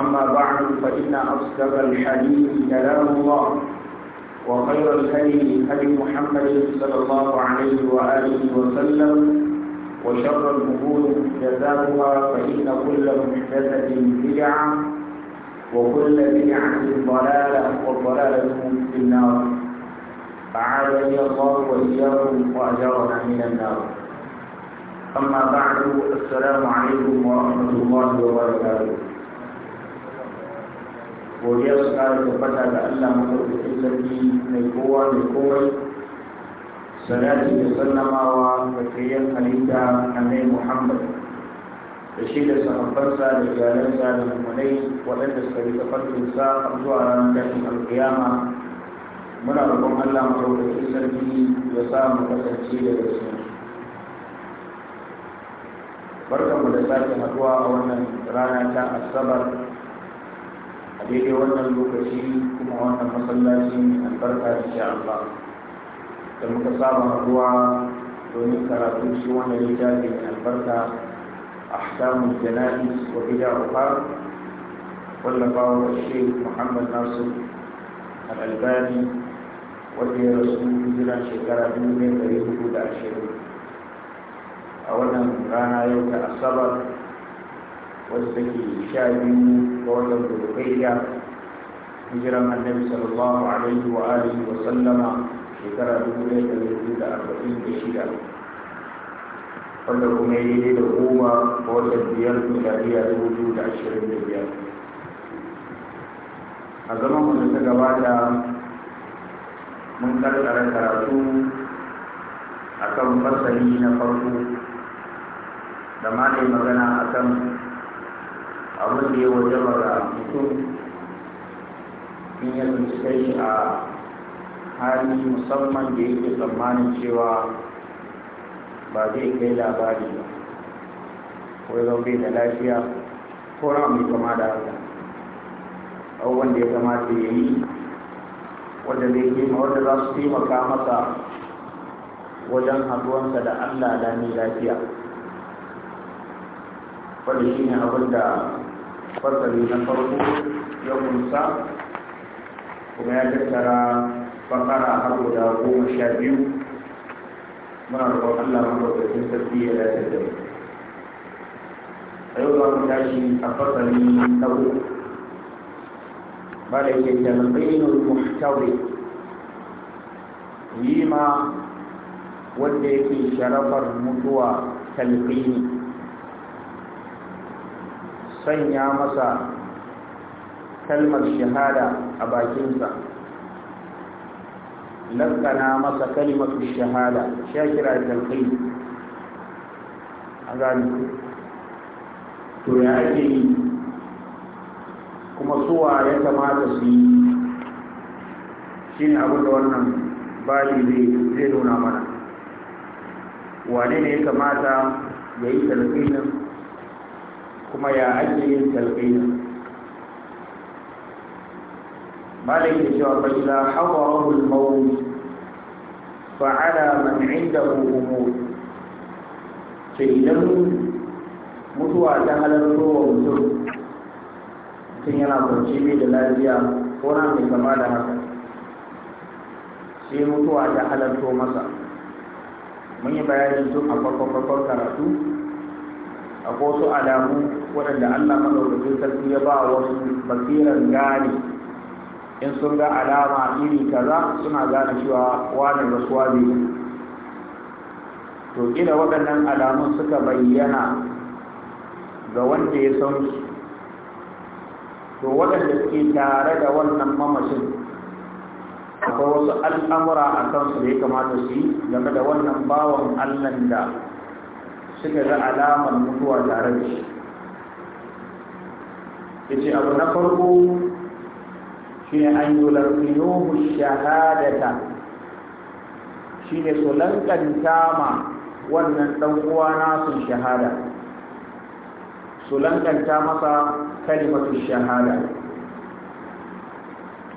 أما بعد فإن أصدق الحديث كلام الله وخير الهدي هدي محمد صلى الله عليه وآله وسلم وشر الأمور محدثاتها فإن كل محدثة بدعة وكل بدعة ضلالة وضلالة في النار أعاذني الله وإياكم وأجرنا من النار أما بعد السلام عليكم ورحمة الله وبركاته godiya su kara tabbata da Allah madaukakin sarki mai kowa da komai salati da sallamawa ga kayan halitta annai muhammad da shi da sahabbansa da iyalansa da mummunai waɗanda suka da tafarkinsa a zuwa ranar tashin alkiyama muna roƙon Allah madaukakin sarki ya sa mu kasance da gaskiya barkanmu da sake haduwa a wannan rana ta asabar a daidai wannan lokaci kuma wannan masallaci mai albarka insha Allah da muka saba haɗuwa domin karatu shi wannan littafi mai albarka ahkamul janais wa bid'ah wallafawa Sheikh Muhammad Nasir Al-Albani wanda ya rasu hijira shekara dubu ɗaya hudu da ashirin a wannan rana yau ta asabar wanda take sha biyu ga watan zulhijja hijiran annabi sallallahu alaihi wa alihi wa sallama shekara dubu ɗaya da dubu da arba'in da shida wanda kuma yi ne da goma ga watan biyar miladiya dubu biyu da ashirin da biyar a zaman wanda ta gabata mun karkara karatu akan fasali na farko da ma magana akan abin da ya waje mara mutum in ya tsinci kai a hali musamman da yake tsammanin cewa ba zai kai labari ba ko ya bai da lafiya ko na mai kama da haka abubuwan da ya kamata ya yi wanda zai kima wanda za su taimaka masa wajen haduwansa da allah da ni lafiya wanda shi ne abin da fasali na farko ya kunsa kuma ya tattara bakara har da goma sha biyu muna da roƙon Allah madaukakin sarki ya dace da yi a yau za mu tashi a fasali na uku ba da yake talqinul muhtawi yi ma wanda yake sharafar mutuwa talibini sanya masa kalmar shahada a bakinsa lakana masa kalmatu shahada shakira talqi azani to ya ake yi kuma suwa ya kamata su yi shi ne abin da wannan bayi zai nuna mana wane ne ya kamata ya yi kuma ya ake yin talqini مالك يقول فإذا حضره الموت فعلى da عنده ce idan. mutuwa ta halarto wa mutum mutum yana kwanci mai da lafiya ko na mai kama da haka sai mutuwa ta halarto masa mun yi bayanin sun a farko karatu akwai wasu alamu waɗanda Allah madaukakin sarki ya ba wasu basirar gane in sun ga alama iri kaza suna gane cewa wani rasuwa ne to ina waɗannan alamun suka bayyana ga wanda ya san su to waɗanda suke tare da wannan mamacin akwai wasu al'amura a kansu da ya kamata su yi game da wannan bawan allan da suka ga alamar mutuwa tare da shi ya ce abu na farko shi ne an yi larfiyohu shahadata shi ne su lankanta ma wannan ɗan'uwa nasu shahada su lankanta masa kalimatu shahada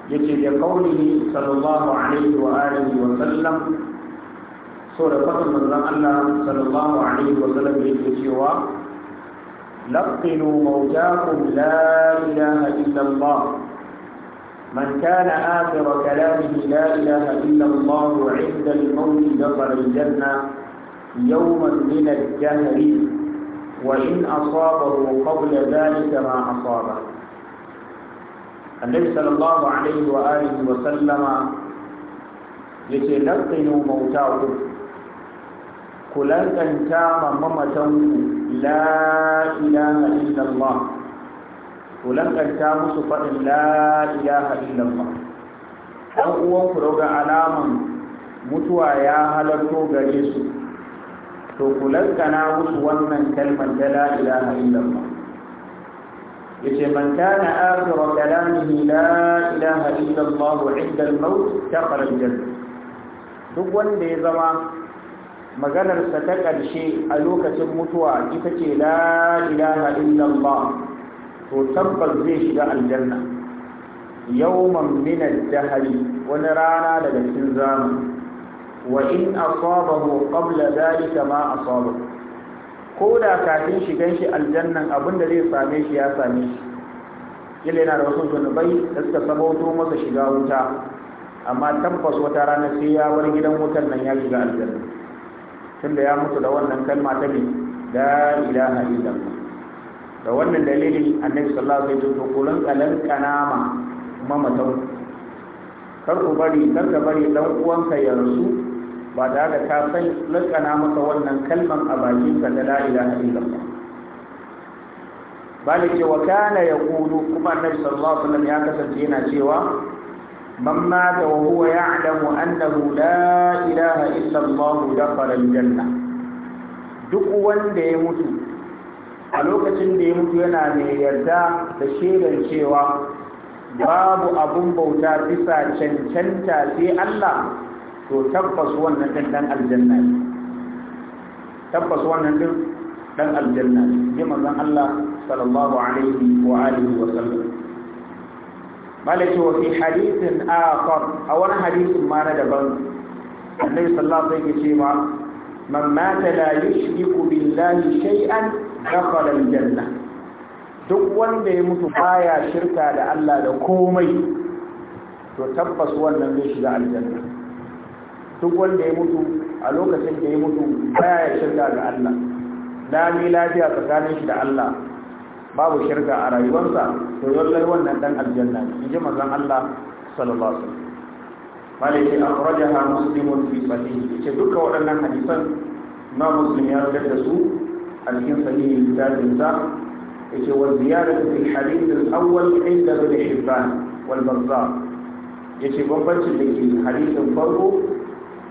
Ya ce da kauli sallallahu alaihi wa alihi wa sallam سورة da fatan manzon Allah sallallahu alaihi wa sallam لقنوا موتاكم لا إله إلا الله من كان آخر كلامه لا إله إلا الله عند الموت دخل الجنة يوما من الدهر وإن أصابه قبل ذلك ما أصابه النبي صلى الله عليه وآله وسلم يتلقن موتاكم ku lankanta ma mamatanku la ilaha illallah ku lankanta musu faɗin la ilaha illallah ɗan uwanku daga alaman mutuwa ya halarto gare su to ku lankana musu wannan kalmar ta la ilaha illallah yace man kana akhiru kalamihi la ilaha illallah inda al-maut dakhala al-jannah duk wanda ya zama maganarsa ta ƙarshe a lokacin mutuwa ita ce la ilaha illallah to tabbas zai shiga aljanna yawman min al dahri wani rana daga cikin zamani wa in asabahu qabla dhalika ma asaba ko da kafin shigan shi aljannan abinda zai same shi ya same shi kila yana da wasu zunubai da suka sabauto masa shiga wuta amma tabbas wata rana sai ya bar gidan wutar nan ya shiga aljanna tunda ya mutu da wannan kalma ta bi la ilaha illallah da wannan dalilin annabi sallallahu alaihi wasallam ko lan kalan kanama kuma matau kar ku bari kar ka bari dan uwanka ya rasu ba da ka ka san lakana masa wannan kalman a bakin ka da la ilaha illallah bale ce wa kana yaqulu kuma annabi sallallahu alaihi wasallam ya kasance yana cewa من مات وهو يعلم أنه لا إله إلا الله دخل الجنة duk wanda ya mutu a lokacin da ya mutu yana mai yarda da shaidar cewa babu abun bauta bisa cancanta sai Allah to tabbas wannan din dan aljanna ne tabbas wannan din dan aljanna ne manzon Allah sallallahu alaihi wa alihi wa sallam malaka wa fi hadithin akhar a wani hadisin ma na daban annabi sallallahu alaihi wasallam yake cewa man mata la yushriku billahi shay'an dakhala aljanna duk wanda ya mutu baya shirka da Allah da komai to tabbas wannan zai shiga aljanna duk wanda ya mutu a lokacin da ya mutu baya shirka da Allah da ni lafiya tsakanin shi da Allah babu shirka a rayuwarsa to lallai wannan dan aljanna ne ji mazan Allah sallallahu alaihi wasallam malai ce akhrajaha muslimun fi sahihi ce duka waɗannan hadisan na muslim ya fitar da su a cikin sahihi littafin sa yace wa ziyadatu fil hadith al-awwal inda ibn hibban wal ya ce bambancin da ke hadisin farko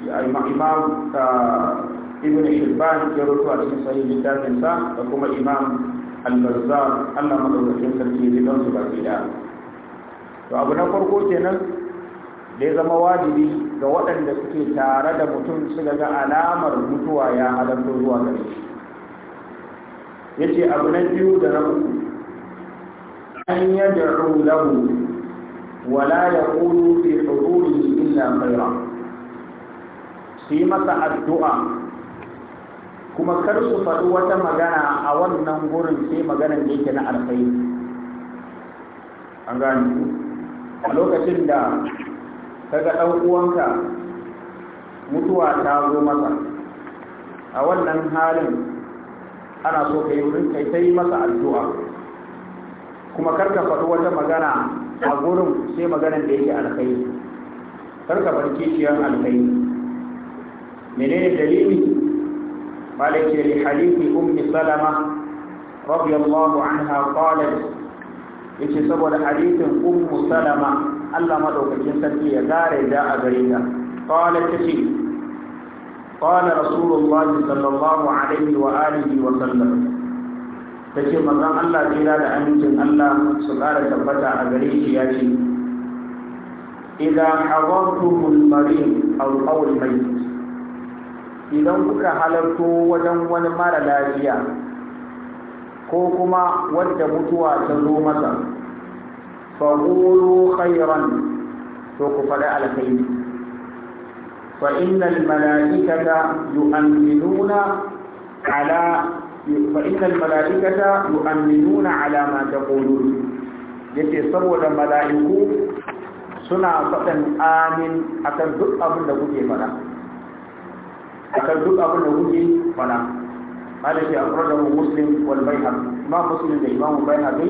ya imam ah, ibn shibban ya rutu a cikin sahih littafin sa da kuma imam al-bazzar Allah madaukakin sarki ya dan su baki da to abu na farko kenan da ya zama wajibi ga waɗanda suke tare da mutum su ga alamar mutuwa ya halarta zuwa gare shi yace abu na biyu da na uku an yad'u lahu wala yaqulu fi hudurihi illa khayran su yi masa addu'a kuma kar su faɗi wata magana a wannan gurin sai maganan da yake na alkhairi an gani a lokacin da kaga ɗan uwanka mutuwa ta zo masa a wannan halin ana so ka yi wurin kai ta yi masa addu'a kuma kar ka faɗi wata magana a gurin sai maganan da yake alkhairi kar ka farki shi yan alkhairi menene dalili مالك لحديث أم سلمة رضي الله عنها قالت yace saboda hadisin ummu salama Allah madaukakin sarki ya gare da a gare ta qala tace qala rasulullah sallallahu alaihi wa alihi wa sallam tace manzon Allah jira da amincin Allah su kara tabbata a gare shi yace idza hadartuhu idan kuka halarto wajen wani mara lafiya ko kuma wadda mutuwa ta zo masa faƙulu khairan to ku faɗi alkhairi fa innal mala'ikata yu'minuna ala fa innal mala'ikata yu'minuna ala ma taqulun yace saboda mala'iku suna faɗan amin akan duk abin da kuke faɗa akan duk abin da kuke fada malaki da muslim wal baihaqi ma muslim da imam baihaqi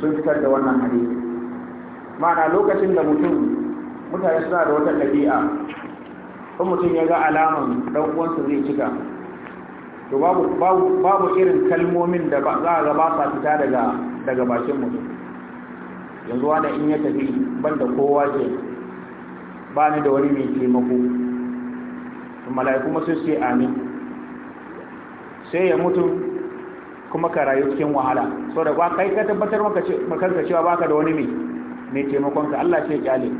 sun fitar da wannan hadisi ma'ana lokacin da mutum mutane suna da wata ɗabi'a ko mutum ya ga alaman dan uwansa zai cika to babu babu irin kalmomin da za a ga ba sa fita daga daga bakin mutum yanzu wanda in ya tafi ban da kowa ke ba ni da wani mai taimako mala'iku ma sai su yi amin sai ya mutu kuma ka rayu cikin wahala so da ba kai ka tabbatar makarka cewa baka da wani mai mai taimakonka Allah ce kyale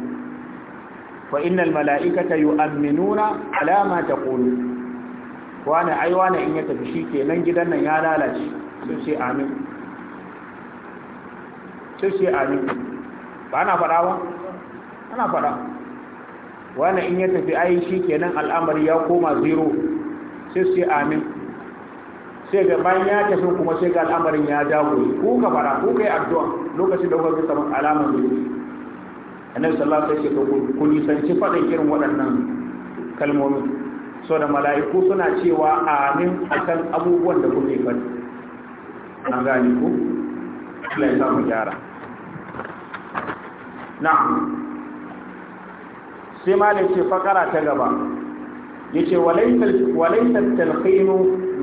fa innal mala'ikata yu'minuna ala ma taqulu wani ai wani in ya tafi shi kenan gidan nan ya lalace sai ce amin sai ce amin ba na fada ba ana fada wani in ya tafi ai shi kenan al'amari ya koma zero sai sai amin sai ga bayan ya tafi kuma sai ga al'amarin ya dawo ko ka fara ko kai addu'a lokacin da kuka samu alamar zero annabi sallallahu alaihi wasallam ku nisanci faɗin irin waɗannan kalmomi so da mala'iku suna cewa amin akan abubuwan da kuke faɗi an gani ku Allah ya samu gyara na'am sai malam ce fakara ta gaba yace walaysa walaysa talqin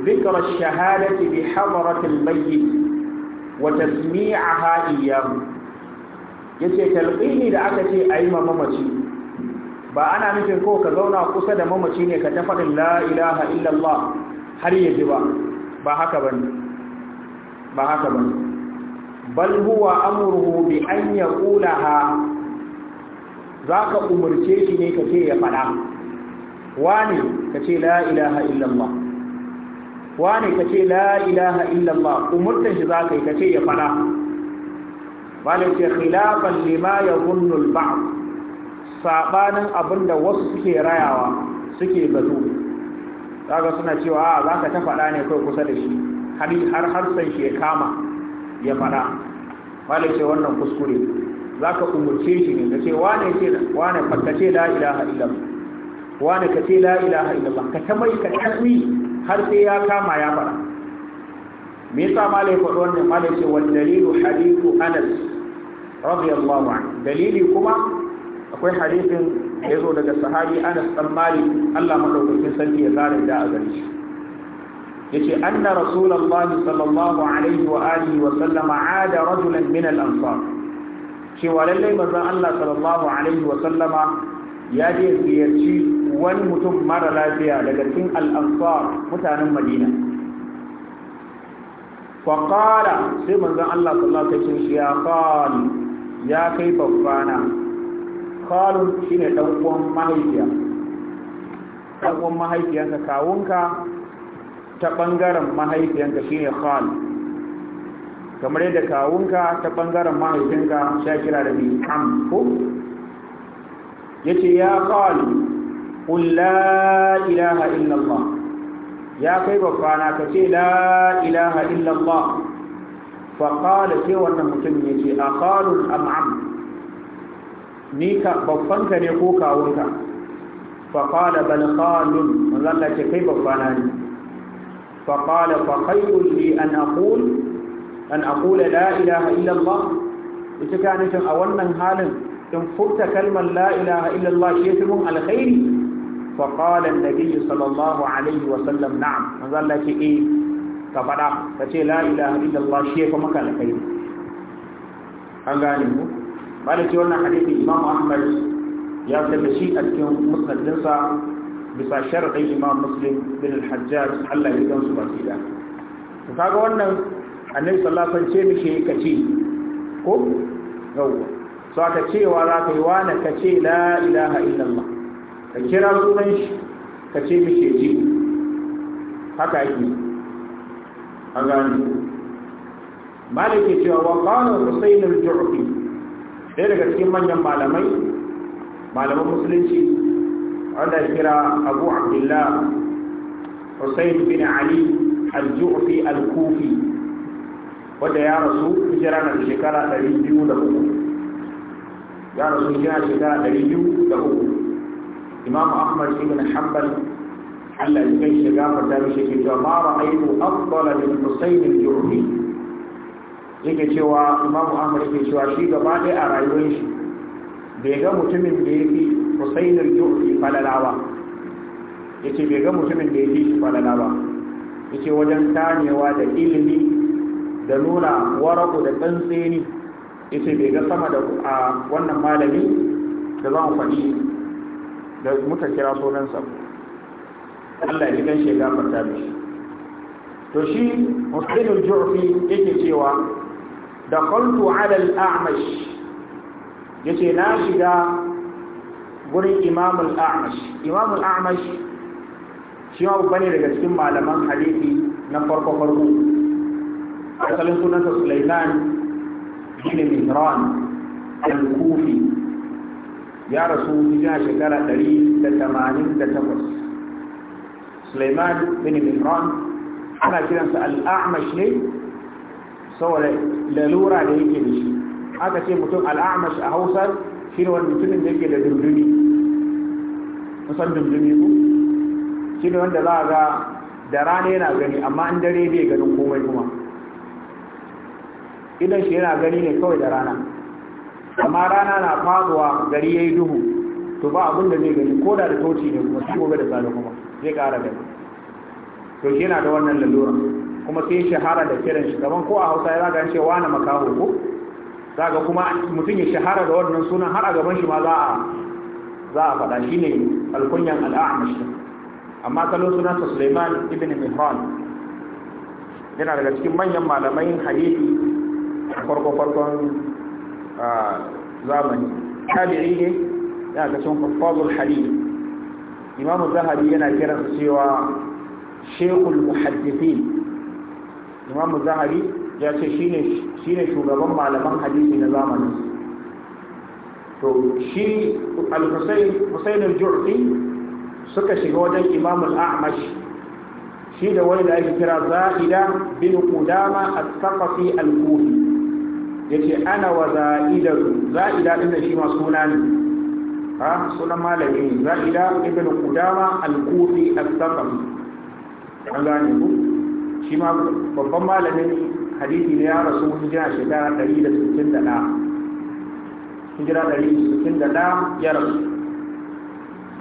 zikar shahadati bi hadrati al-mayyit wa tasmi'aha Ya ce, talqini da aka ce ayi ma mamaci ba ana nufin ko ka zauna kusa da mamaci ne ka ta faɗin la illallah har yaji ba ba haka bane ba haka bane bal amurhu bi an za ka umarce shi ne ka ce ya faɗa wani ka ce la ilaha illallah wani ka ce la ilaha illallah umurtan shi za ka yi ka ce ya faɗa malin ce khilafan lima ya gunnul ba'd sabanin abinda wasu suke rayawa suke bazo kaga suna cewa a za ka ta faɗa ne kai kusa da shi har har shi ya kama ya faɗa malin ce wannan kuskure za ka umurce shi ne da ce wane ce wane ka ce la ilaha illallah wane ka ce la ilaha illallah ka ta mai ka tafi har sai ya kama ya fara me yasa malai faɗo wannan malai ce wal dalilu hadithu anas radiyallahu anhu dalili kuma akwai hadithin da yazo daga sahabi Anas dan Malik Allah madaukakin sarki ya kare da a gare shi yace anna rasulullahi sallallahu alaihi wa alihi wa sallama ada rajulan min al-ansar cewa lallai mazan Allah sallallahu alaihi wa sallama ya je ziyarci wani mutum mara lafiya daga cikin al mutanen Madina fa sai mazan Allah sallallahu alaihi wa sallam ya qal ya kai babbana qalun shine dan uwan mahaifiya dan uwan mahaifiyanka kawunka ta bangaren mahaifiyanka shine khal kamar yadda kawunka ta bangaren mahaifinka kira da mai ham ko ya ce ya kawalu ƙulla ilaha illallah ya kai bafana ka ce la ilaha illallah faƙala ce wannan mutum ya ce a ƙalun am'am ni ka bafanka ne ko kawunka faƙala bal ƙalun mazalla ce kai bafana ne faƙala faƙayyun li an aqul أن أقول لا إله إلا الله إذا كانت أولا حالا تنفرت كلمة لا إله إلا الله يترم على خير فقال النبي صلى الله عليه وسلم نعم ماذا لك إيه كفرع فتي لا إله إلا الله شيخ ما كان خير أغاني بعد تولنا حديث الإمام أحمد يا تبشي أتكم مستدنسا بسا شرق الإمام مسلم بن الحجاج الله يتنسوا بسيطة فقال annabi sallallahu alaihi wasallam ce muke kace ko yawa so aka wa za ka yi wani kace la ilaha illallah ka kira sunan shi kace muke ji haka yake an gani malik ya cewa wa qala husayn al-ju'fi ɗaya daga cikin manyan malamai malaman musulunci wanda ya kira abu abdullah husayn bin ali al-ju'fi al-kufi wanda ya rasu hijira na shekara ɗari biyu da uku ya rasu hijira na shekara ɗari biyu da uku imamu ahmad ibn hanbal Allah ya kai shiga fata da shi ke cewa ma ra'aytu afdala min husayn al-jurmi yake cewa imamu ahmad yake cewa shi gaba ɗaya a rayuwar shi bai ga mutumin da ya fi husayn al-jurmi falalawa yace bai ga mutumin da ya fi shi falalawa yace wajen tanewa da ilimi da nuna waraku da tsantseni ita bai ga sama da a wannan malami da za mu faɗi da muka kira sunansa Allah ya gan shi gafarta mishi to shi musulun jurfi yake cewa da kwaltu alal amash ya ce na shiga gurin imamul amash imamul amash shi ma bane daga cikin malaman hadisi na farko farko asalin sunansa Sulaiman bin Imran al-Kufi ya rasu hijira shekara 188 Sulaiman bin Imran ana kiransa al-A'mash ne saboda lalura da yake da shi aka ce mutum al-A'mash a Hausa shi ne wani mutumin da yake da dundumi kusan dundumi ku shi ne wanda za a ga da rana yana gani amma an dare bai ganin komai kuma idan shi yana gani ne kawai da rana amma rana na faduwa gari yayi duhu to ba abin da zai gani koda da toci ne kuma shi gobe da tsada kuma zai kara gani to shi yana da wannan lalura kuma sai shahara da kiran shi gaban ko a Hausa ya zaga ce wani makaho ko zaga kuma mutum ya shahara da wannan sunan har a gaban shi ma za a za a faɗa shine alkunyan al'amish amma kallon sunan Sulaiman ibn Mihran yana daga cikin manyan malamai hadisi farko farkon zamani tabi'i ne ya ga cikin kufazul hadith imamu zahabi yana kiran cewa shekul muhaddithin imamu zahabi ya ce shine shugaban malaman hadisi na zamanin to shi al-husayn al-ju'fi suka shiga wajen imamu al-a'mash shi da wani da ake kira zahida bin qudama as-saqafi al-kufi yace ana wa za'ida za'ida din shi ma suna ne ha sunan malami za'ida ibn kudama al-kufi al saqafi an gane ku shi ma babban malamin hadisi ne ya rasu hijira shekara 161 hijira 161 ya rasu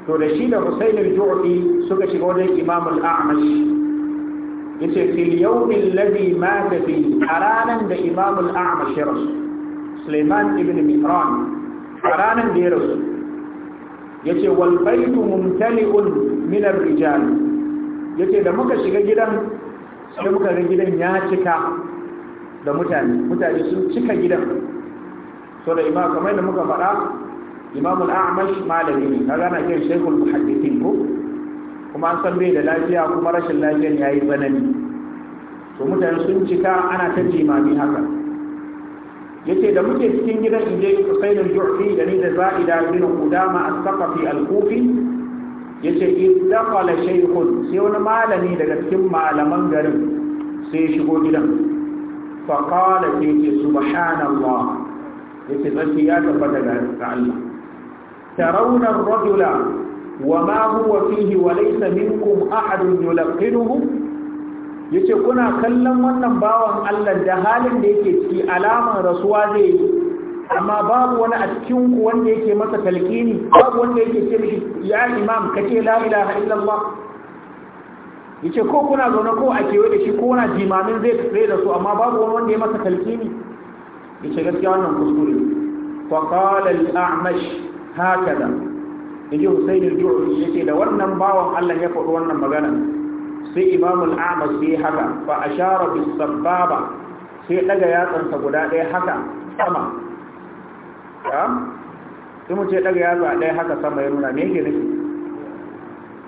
to da shi da husainul al-Ju'fi suka shiga wajen Imam al-A'mash يسير في اليوم الذي مات فيه حرانا ده إمام الأعمى شرس سليمان ابن مكران حرانا ده يقول والبيت ممتلئ من الرجال يسير ده مكا شكا جدا سيو مكا جدا ناتكا ده متان متا يسير شكا جدا سورة إمام كمين مكا فراء إمام الأعمى شمال ديني هذا أنا كان شيخ المحدثين هو kuma an san bai da lafiya kuma rashin lafiyar ya yi tsanani to mutane sun cika ana ta jimami haka yace da muke cikin gidan inje Husain al-Ju'fi da ni da Za'ida bin kudama a saqafi al-Kufi yace idqala shaykhun sai wani malami daga cikin malaman garin sai shigo gidan fa qala yace subhanallah yace tsaki ya tabbata ga Allah tarawna rajula وما هو فيه وليس منكم أحد يلقنه yace kuna kallon wannan bawan Allah da halin da yake ciki alaman rasuwa zai yi amma babu wani a cikin ku wanda yake masa talqini babu wanda yake ce mishi ya imam kace la ilaha illallah yace ko kuna zaune ko a kewaye da shi ko na jimamin zai tsaye da su amma babu wani wanda ya masa talqini yace gaskiya wannan kuskure fa qala al-a'mash hakaza inji Husayn al-Ju'fi yace da wannan bawan Allah ya faɗo wannan magana sai Imam al-Ahmad sai haka fa ashara bis sababa sai daga yatsansa guda ɗaya haka sama ya sai mu ce daga yatsa ɗaya haka sama ya nuna me yake nufi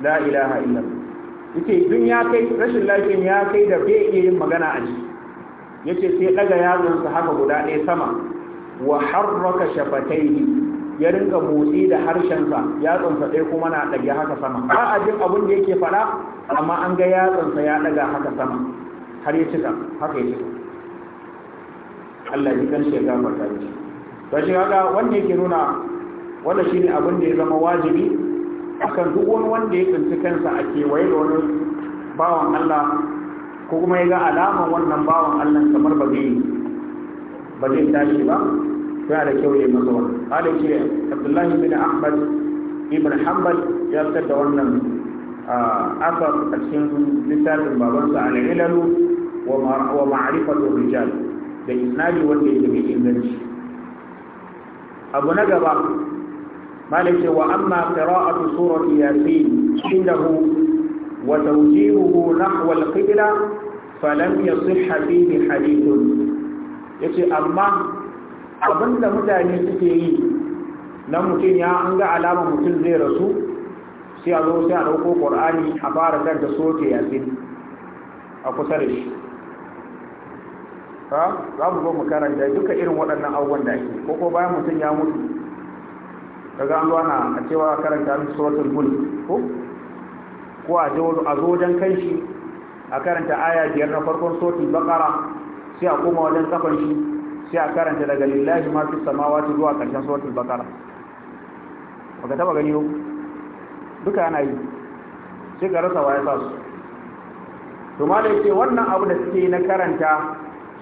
la ilaha illallah yace dun ya kai rashin lafiyan ya kai da bai iya yin magana a ji yace sai daga yatsansa haka guda ɗaya sama wa harraka shafataihi ya rinka motsi da harshensa yatsansa ɗaya kuma na ɗage haka sama ba a jin abin da yake faɗa amma an ga yatsansa ya ɗaga haka sama har ya cika haka ya cika Allah ji kan shekar barka da shi to shi haka wanda yake nuna wanda shine abin da ya zama wajibi akan duk wani wanda ya tsinci kansa a kewaye da wani bawan Allah ko kuma ya ga alama wannan bawan Allah kamar ba zai ba zai tashi ba sai da kyaune masa wani hali ce abdullahi bin ahmad ibn hanbal ya fitar da wannan asar a cikin littafin babansa a lalilalu wa ma'arifatu rijal da isnadi wanda yake mai inganci abu na gaba malam ce wa amma qira'atu surati yasin indahu wa tawjihuhu nahwa al-qibla falam yasihha fihi hadithun yace amma abin da mutane suke yi na mutum ya an ga alama mutum zai rasu sai a zo sai a ɗauko ƙwar'ani a fara kan da soke yasin a kusa da shi za mu zo mu karanta duka irin waɗannan abubuwan da ake ko ko bayan mutum ya mutu daga an zuwa a cewa karanta min suratul mulk ko ko a zo wajen kai shi a karanta aya biyar na farkon suratul bakara sai a koma wajen kafan shi sai a karanta daga lillahi ma fi samawati zuwa karshen suratul baqara baka taba gani duka yana yi sai ka rasa waye sa su to ma ce wannan abu da suke na karanta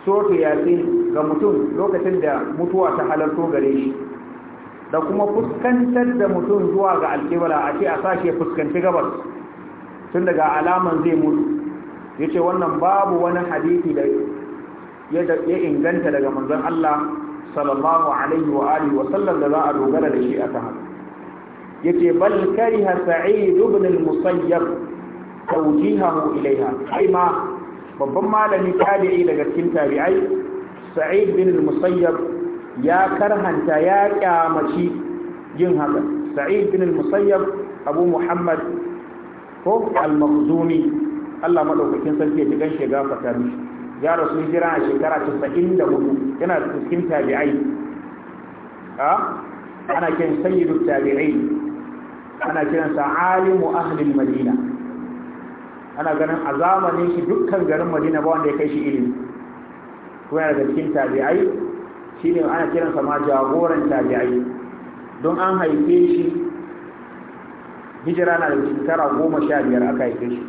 suratul yasin ga mutum lokacin da mutuwa ta halarto gare shi da kuma fuskantar da mutum zuwa ga alkibala a ce a sashe fuskanci gabas tun daga alaman zai mutu yace wannan babu wani hadisi da ya inganta daga manzon Allah sallallahu alaihi wa alihi wa sallam da za a dogara da shi akan haka yace bal kariha sa'id ibn al-musayyab tawjihahu ilaiha ai ma babban malami tabi'i daga cikin tabi'ai sa'id bin al-musayyab ya karhanta ya kyamaci yin haka sa'id bin al-musayyab abu muhammad ko al-makhzumi Allah madaukakin sarki ya ji gan shi gafarta mishi yaro sun jira a shekara 94 yana cikin tabi'ai a ana kiran sayyidu tabi'ai ana kiransa alimu ahlil madina ana ganin a zamanin shi dukkan garin madina ba wanda ya kai shi ilimi kuma yana da cikin tabi'ai shine ana kiransa ma jagoran tabi'ai don an haife shi hijira na da shekara goma sha biyar aka haife shi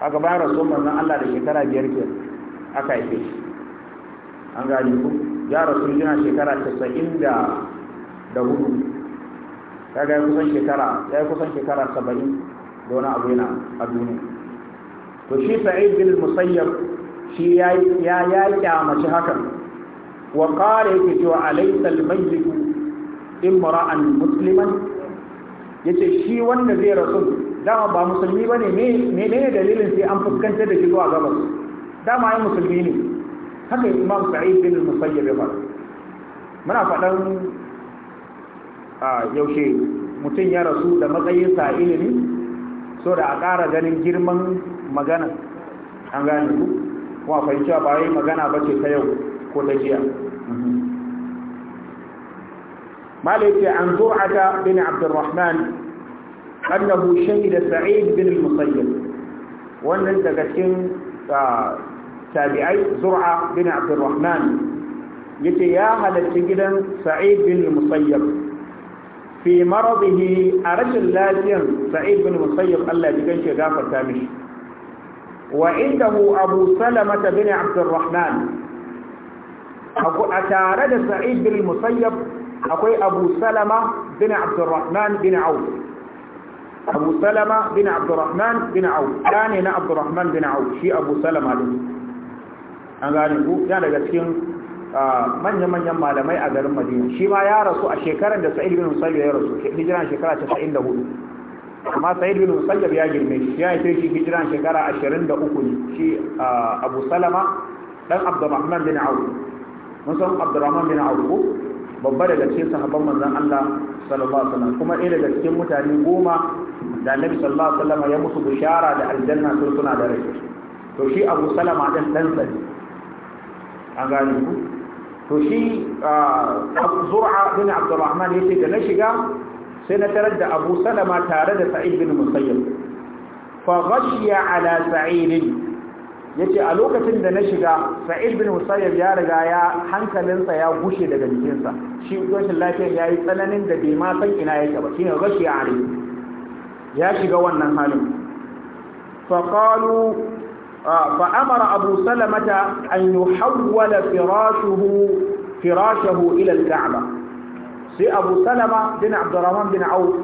aka ba rasuwar manzon Allah da shekara biyar ke aka haife shi an gani ku ya rasu yana shekara tasa'in da da hudu kaga ya kusan shekara ya kusan shekara saba'in da wani abu yana a duniya to shi sa'id bin musayyab shi ya ya ya kyamaci haka wa qala yake cewa alaysa al-mayyit imra'an musliman yace shi wanda zai rasu dama ba musulmi ba ne ne dalilin sai an fuskantar da shi zuwa gabas dama ya musulmi ne haka imam sa'id bin musayyib ya faru muna faɗan yaushe mutum ya rasu da matsayin sa ilimi so da a ƙara ganin girman magana an gane ku kuma fahimci ba yi magana ba ce ta yau ko ta jiya mhm. malik an zur'ata bin abdurrahman annahu shahida sa'id bin al-musayyib wannan daga cikin tabi'ai zur'a bin abdurrahman yace ya halarci gidan sa'id bin al-musayyib fi maradihi a lafiyan sa'id bin al-musayyib Allah ya ganshe gafarta mishi wa indahu abu salamata bin abdurrahman a tare da sa'id bin al-musayyib akwai abu salama bin abdurrahman bin auf abu salama bin abdurrahman bin au ya ne na abdurrahman bin au shi abu salama ne an gane ku ya daga cikin manya-manyan malamai a garin madina shi ma ya rasu a shekarar da sa'id bin musayyab ya rasu hijiran shekara 94 amma sa'id bin musayyab ya girme shi ya yi shi hijiran shekara 23 ne shi abu salama dan abdurrahman bin auf mun san abdurrahman bin auf ko babba daga cikin sahabban manzon Allah sallallahu alaihi wasallam kuma ɗaya daga cikin mutane goma da annabi sallallahu alaihi wasallam ya musu bishara da aljanna sun suna da rai to shi abu salama din dan sa an gane ku to shi zur'a bin abdurrahman yace da na shiga sai na tarar da abu salama tare da sa'id bin musayyib fa ghashiya ala sa'id yace a lokacin da na shiga sa'id bin musayyib ya riga ya hankalinsa ya gushe daga jikinsa shi rashin lafiyar yayi tsananin da bai ma san ina yake ba shine ghashiya alaihi ya shiga wannan halin faƙalu fa'amara abu salamata an yi hawwala firashahu ilal ka'aba sai abu salama bin abdurrahman bin auf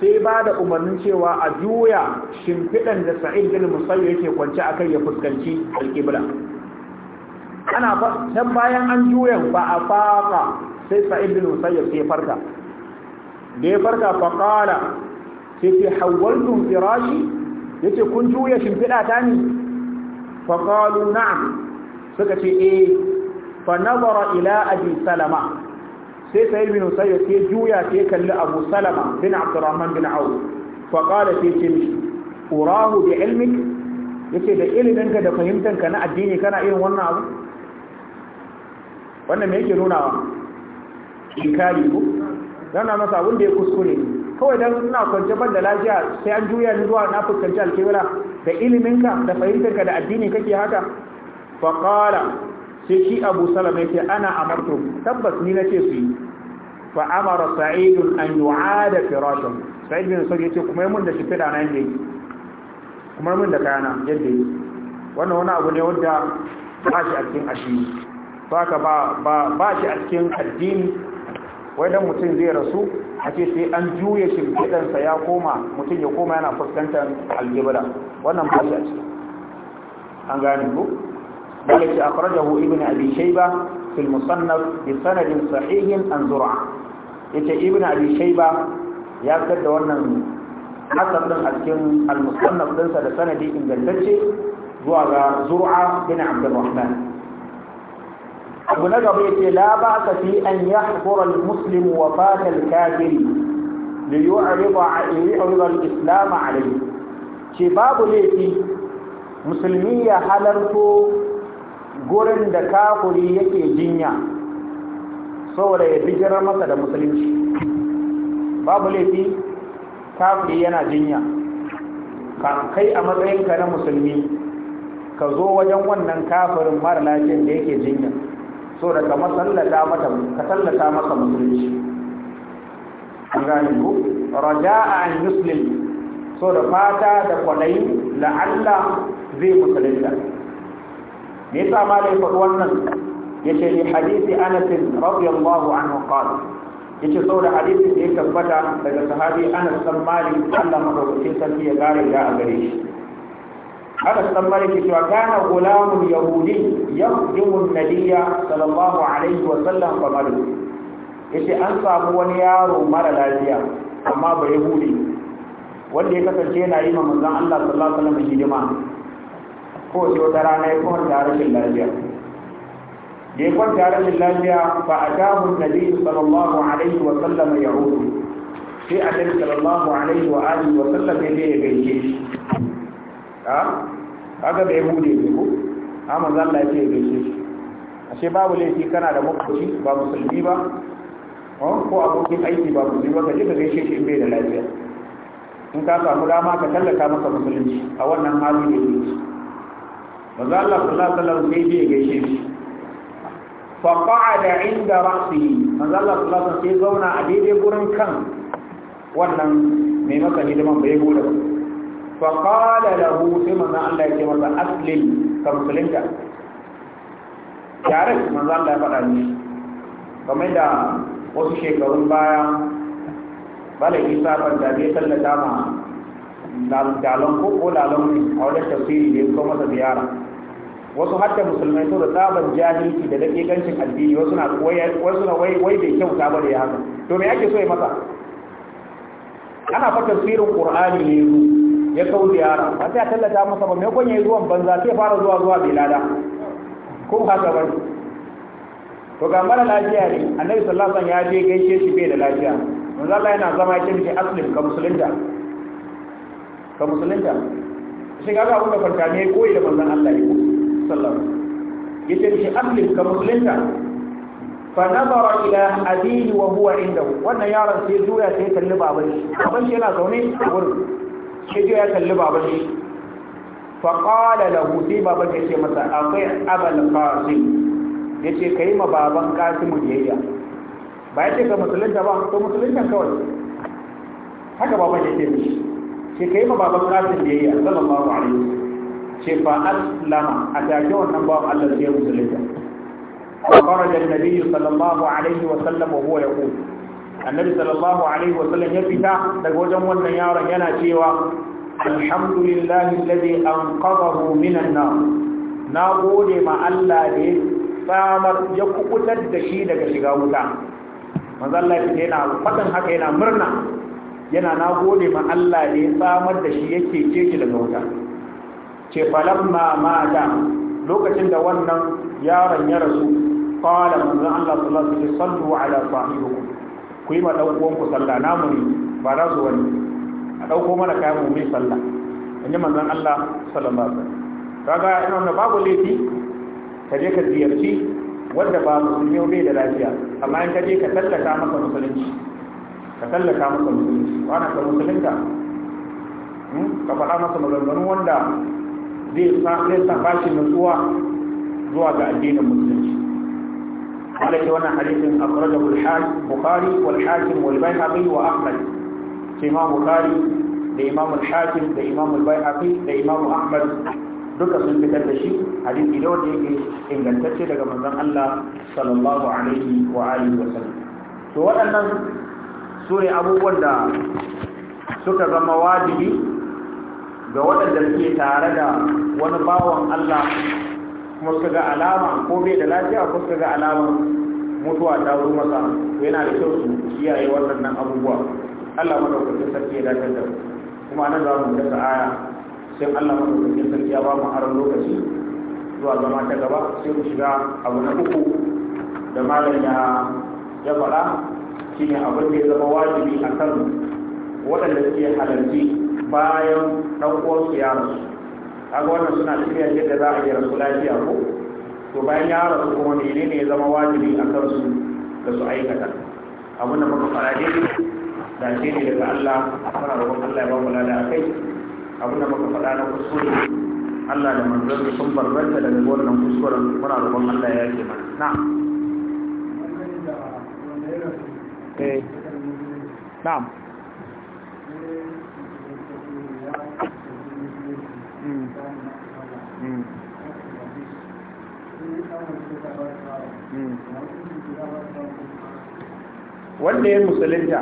sai ba da umarnin cewa a juya shimfiɗan da sa'id bin musayyar yake kwance a kai ya fuskanci alƙibla ana can bayan an juyan ba a faƙa sai sa'id bin musayyar sai farka da ya farka faƙala sai ce hawaltun firashi ce kun juya shimfiɗa ta ne fa qalu na'am suka ce eh fa nazara ila abi salama sai sayi bin sayo sai juya sai kalli abu salama bin abdurrahman bin auf fa sai ce mishi urahu bi ilmik ce da iliminka da fahimtanka na addini kana irin wannan abu wannan me yake nunawa inkari ko na masa abin da ya kuskure ne kawai don ina kwanci ban da lafiya sai an juya ni zuwa na fuskanci alkibla da iliminka da fahimtarka da addini kake haka fa sai shi Abu Salama ce ana amartu tabbas ni na ce su yi fa amara sa'idun an da firashin sa'idun sun yi ce kuma mun da shi fida yadda yi kuma mun da kayana yadda yi wannan wani abu ne wanda ba shi a cikin ashi ba ka ba ba shi a cikin addini wai dan mutum zai rasu a ce sai an juya shimfiɗansa ya koma mutum ya koma yana fuskantar aljibira wannan ba shi a ciki an gane ku daga ce akwarajahu ibn abi shaiba fil musannaf bi sanadin sahihin an zura yace ibn abi shaiba ya fitar da wannan hasan din a cikin al-musannaf dinsa da sanadi ingantacce zuwa ga zur'a bin abdurrahman abu na gaba yake la ba ka fi an ya haƙura muslim wa fatar kafiri da yi wa ribar islam a alai ce babu laifi musulmi ya halarto gurin da kafuri yake jinya saboda ya bijirar masa da musulunci babu laifi kafuri yana jinya kai a matsayinka na musulmi ka zo wajen wannan kafirin mara lafiyan da yake jinya so da ka masallata mata ka tallata masa musulunci an gane ku raja'a an muslim so da fata da kwadai la'alla zai musulunta me yasa ma da faɗi wannan yace ni hadisi Anas radiyallahu anhu qala yace saboda hadisi da ya tabbata daga sahabi Anas bin Malik Allah madaukakin sarki ya gare da a gare shi haka san maliki cewa kana gulamun yahudi yaqdimu nabiyya sallallahu alaihi wa sallam yace an samu wani yaro mara lafiya amma ba yahudi wanda ya kasance yana yi ma Allah sallallahu alaihi wa hidima ko sai wata rana ya kwanta rashin lafiya da ya kwanta rashin lafiya fa atahu nabi sallallahu alaihi wa sallam sai annabi sallallahu alaihi wa alihi wa sallam ya shi a kaga bai hude ne ko amma zalla ce ya gaishe shi ashe babu laifi kana da mukaci ba musulmi ba ko abokin aiki ba musulmi ba ka je ka gaishe shi in bai da lafiya in ka samu dama ka tallata masa musulunci a wannan hali da yake manzo Allah sallallahu alaihi wasallam sai ya gaishe shi fa qa'ada inda ra'sihi manzo Allah sallallahu alaihi wasallam sai zauna a daidai gurin kan wannan mai maka hidiman bai gode ba فقال له lahu sai manzo Allah ya ce masa aslim ka musulunta tare manzo Allah ya faɗa ni kamar da wasu shekarun baya bala isa ban da ya tallata ma dalon ko ko dalon a wajen tafsiri da ya masa ziyara wasu hatta musulmai to da tsaban jahilci da dakikancin addini wasu na wasu na wai wai bai kyauta ba da ya haka to me ake so ya masa ana fa tafsirin qur'ani ne ya kawo ziyara ba sai a tallata masa ba mai kwanye yi zuwan banza sai fara zuwa zuwa bai lada ko haka ba to ga mara lafiya ne annabi sallallahu alaihi wasallam ya je gaishe shi bai da lafiya manzo Allah yana zama yake miki aslim ka musulunta ka musulunta shi ga ga wanda farka ne koyi da manzon Allah ya sallallahu yace shi aslim ka musulunta fa nazara ila abihi wa huwa inda, wannan yaron sai zuya sai kalli baban shi yana zaune a wurin shi ya kalli baban shi faƙala lahu sai baban ya ce masa akwai abal qasim ya ce ka yi ma baban qasimu biyayya ba ya ce ka musulunta ba to musulunta kawai haka baban ya ce mishi ce ka yi ma baban qasim biyayya sallallahu alaihi ce fa aslama a take wannan bawan Allah sai musulunta فخرج النبي صلى الله عليه وسلم وهو يقول annabi sallallahu alaihi wasallam ya fita daga wajen wannan yaron yana cewa alhamdulillahi alladhi anqadahu minan nar na gode ma Allah da samar ya kukutar da shi daga shiga wuta manzo Allah ya yana fadin haka yana murna yana na gode ma Allah da samar da shi yake ceci daga wuta ce falamma mata lokacin da wannan yaron ya rasu qala manzo Allah sallallahu alaihi wasallam sallu ala sahibikum ku yi ma ɗan uwanku sallah namu ne ba za su wani a ɗauko mana kayan mu mai sallah in ji manzan Allah sallallahu alaihi wasallam kaga ina wannan babu laifi ka je ka ziyarci wanda ba musulmi bai da lafiya amma in ka je ka tallata masa musulunci ka tallata masa musulunci wannan ka musulunta hmm? ka faɗa masa maganganu wanda zai sa zai sa bashi nutsuwa zuwa ga addinin musulunci wanda ke wannan hadisin akhrajahu al-bukhari wal hakim wal bayhaqi wa ahmad sai ma bukhari da imam al-hakim da imam al-bayhaqi da imam ahmad duka sun fitar da shi hadisi da wanda yake ingantacce daga manzon Allah sallallahu alaihi wa alihi wa sallam to waɗannan su ne abubuwan da suka zama wajibi ga waɗanda suke tare da wani bawon Allah kuma suka ga alama ko bai da lafiya ko suka ga alaman mutuwa ta zo masa yana da kyau su kiyaye waɗannan abubuwa Allah madaukakin sarki ya dace da kuma nan za mu dasa aya sai Allah madaukakin sarki ya ba mu aron lokaci zuwa zama ta gaba sai mu shiga abu na uku da malam ya ya faɗa shine abin da ya zama wajibi akan waɗanda suke halarci bayan ɗan uwansu ya rasu kaga wannan suna shirya yadda za a yi rasu lafiya ko to bayan ya rasu kuma menene ya zama wajibi a kansu da su aikata abin da muka fara dai da ce ne daga Allah muna roƙon Allah ya ba mu lada akai abin da muka fara na kuskure Allah da manzon sun barbanta daga wannan kuskuren muna roƙon Allah ya yake mana Na. na'am wanda ya musulunta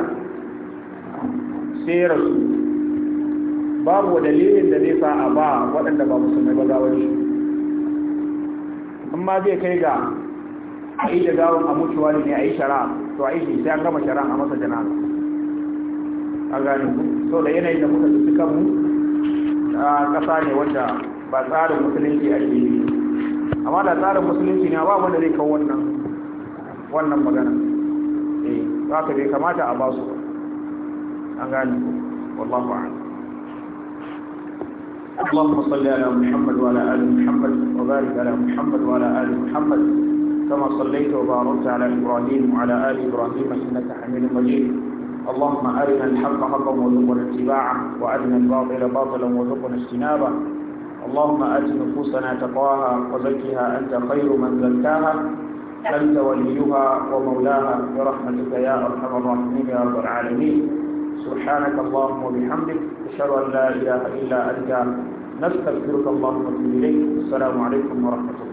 sai rasu babu dalilin da nesa a ba waɗanda ba musulmai ba gawar shi amma zai kai ga a yi da gawar a mutuwa ne a yi shara to a yi shi sai an gama shara a masa jana a ganin sau da yanayin da muka su kanmu kasa ne wanda ba tsarin musulunci ake yi amma da tsarin musulunci ne ba wanda zai kawo wannan wannan magana eh za ka bai kamata a basu an gani wallahu a'lam اللهم صل على محمد وعلى ال محمد وبارك على محمد وعلى ال محمد كما صليت وباركت على ابراهيم وعلى ال ابراهيم انك حميد مجيد اللهم أرنا الحق حقا وارزقنا اتباعه وأرنا الباطل باطلا وارزقنا اجتنابه اللهم آت نفوسنا تقواها وزكها أنت خير من زكاها أنت وليها ومولاها برحمتك يا أرحم الراحمين يا رب العالمين سبحانك اللهم وبحمدك أشهد أن لا إله إلا أنت نستغفرك اللهم وأتوب إليك السلام عليكم ورحمة الله